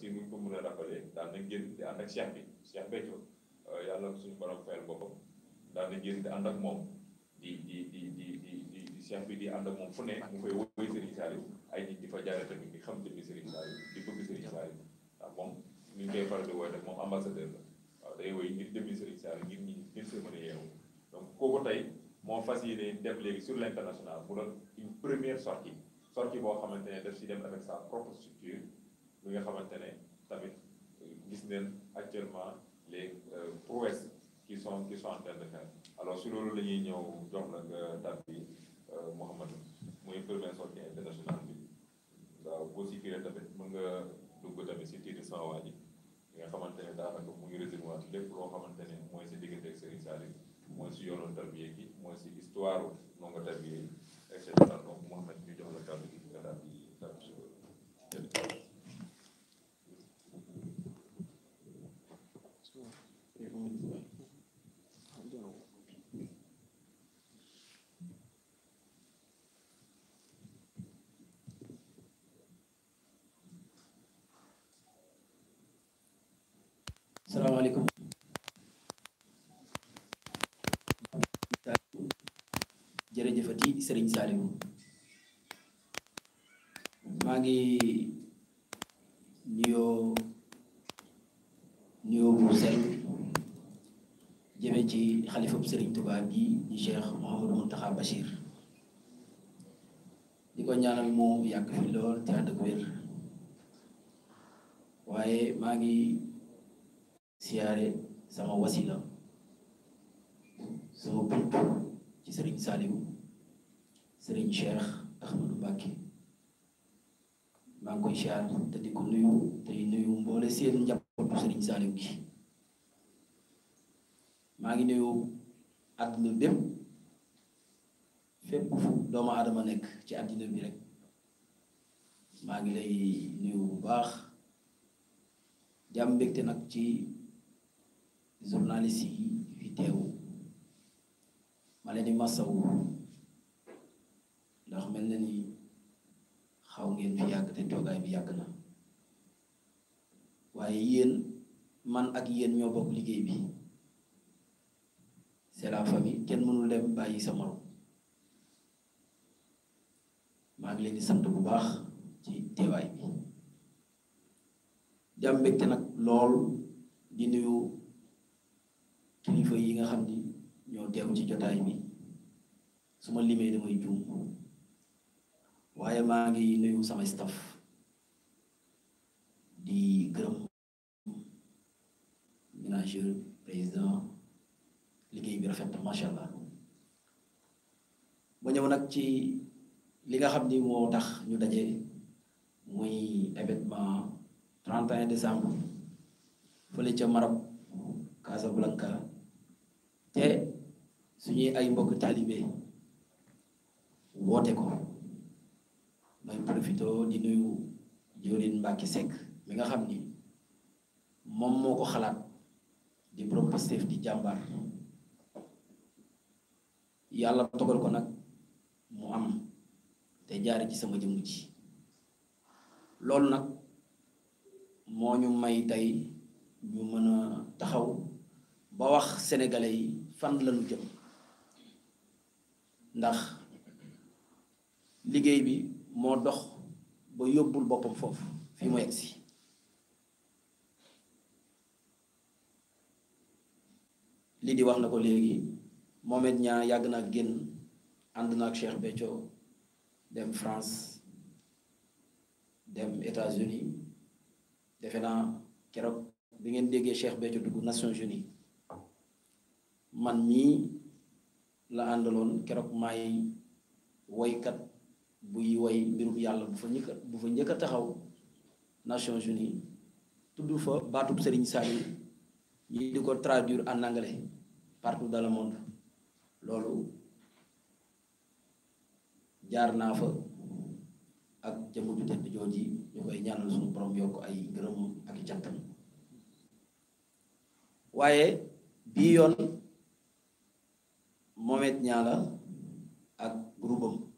si muñ ko mën a rappeler daan na génn di ànd ak cheikh bi cheikh Béthio euh, yàlla suñu borom fayal boppam daan na génn di ànd ak moom di di di di di di bi di ànd ak moom fu ne mu koy woy Serigne di fa jaare tamit di xam tamit Serigne Saliou di bëgg Serigne Saliou ndax moom ñu ngi koy faral mën a yeewu donc kooku tey moo fas yéene def léegi sur l' international bu doon une première sortie sortie boo xamante ne daf si dem avec sa propre structure bi nga xamante ne tamit gis neen actuellement les euh, prouesses qui sont qui sont en train de faire si loolu la ñëw jox la nga date bi euh, Mouhamadou muy première sortie boo si firee tamit mën nga dugg tamit si titre sama waa ji nga xamante ne daanaka mu ngi résumé lépp loo xamante ne mooy si diggante ak Serigne Saliou mooy si yoonu tarbiye gi mooy si histoire noo nga tarbiye yi et cetera donc Mouhamadou ñu jox la kàddu salaamaaleykum jërëjëfati sëriñ Saalimu maa ngi nuyoo nuyoo bu sell ci xalifab sëriñ Tuubaa bi ñu Cheikh Mouhamadou Mountakha Bachir di ko ñaanal mu yàgg fi lool te ànd wér waaye maa ngi siyaare sama wasila sama bunt ci sëriñ Saliou sëriñ Cheikh Ahmadou Mbacké maa ngi koy siyaar te ko nuyu te nuyu mboole seen njabootu sëriñ Saliou gi maa ngi nuyu àdduna bépp fépp fu doomu aadama nekk ci àddina bi rek maa ngi lay nuyu bu baax jàmm mbégte nag ci journaliste yi fi teew ma di masawu ndax mel ni xaw ngeen fi yàgg te toogaay bi na man ak yéen ñoo liggéey bi c'est la famille kenn mënul dem bàyyi sa morom ngi leen di sant bu baax ci teewaay bi di am lool di nuyu kilifa yi nga xam ni ñoo teew ci jotaay bi su ma limee damay juum waaye maa ngi nuyu sama staff di gërëm ménageur président liggéey bi rafet macha allah ba ñëw nag ci li nga xam ni moo tax ñu daje muy événement 31 décembre fële ca Maroc Casablanca te suñuy ay mbokk taalibe woote ko may profité di nuyu jëwrin Mbacke Seck mi nga xam ni moom moo ko xalaat di borom di jàmbar yàlla togal ko nag mu am te jaar ci sama jëmm ci loolu nag moo ñu may tey ñu mën a taxaw ba wax sénégalais yi fan lañu jëm ndax liggéey bi moo dox ba yóbbul boppam foofu fi mu yegg si lii di wax na ko léegi Mohamed ñaar yàgg naa génn ànd na ak Cheikh Béthio dem France dem États-Unis defe naa keroog bi ngeen déggee Cheikh Béthio dugg Nations Unies man mii la andalon keroog may woykat buy woy mbirub yàlla bu fa njëkk bu fa njëkk a taxaw Nations Unies tudd fa baatub Serigne Saliou ñi di ko traduire en anglais partout dans le monde loolu jaar fa ak jëmm ju tedd jooji ñu ñaanal suñu borom yokk ay ngërëm ak i yoon Mohamed Niang la ak groupe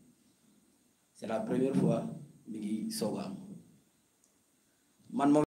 c'est la première fois mi ngi soog am man moom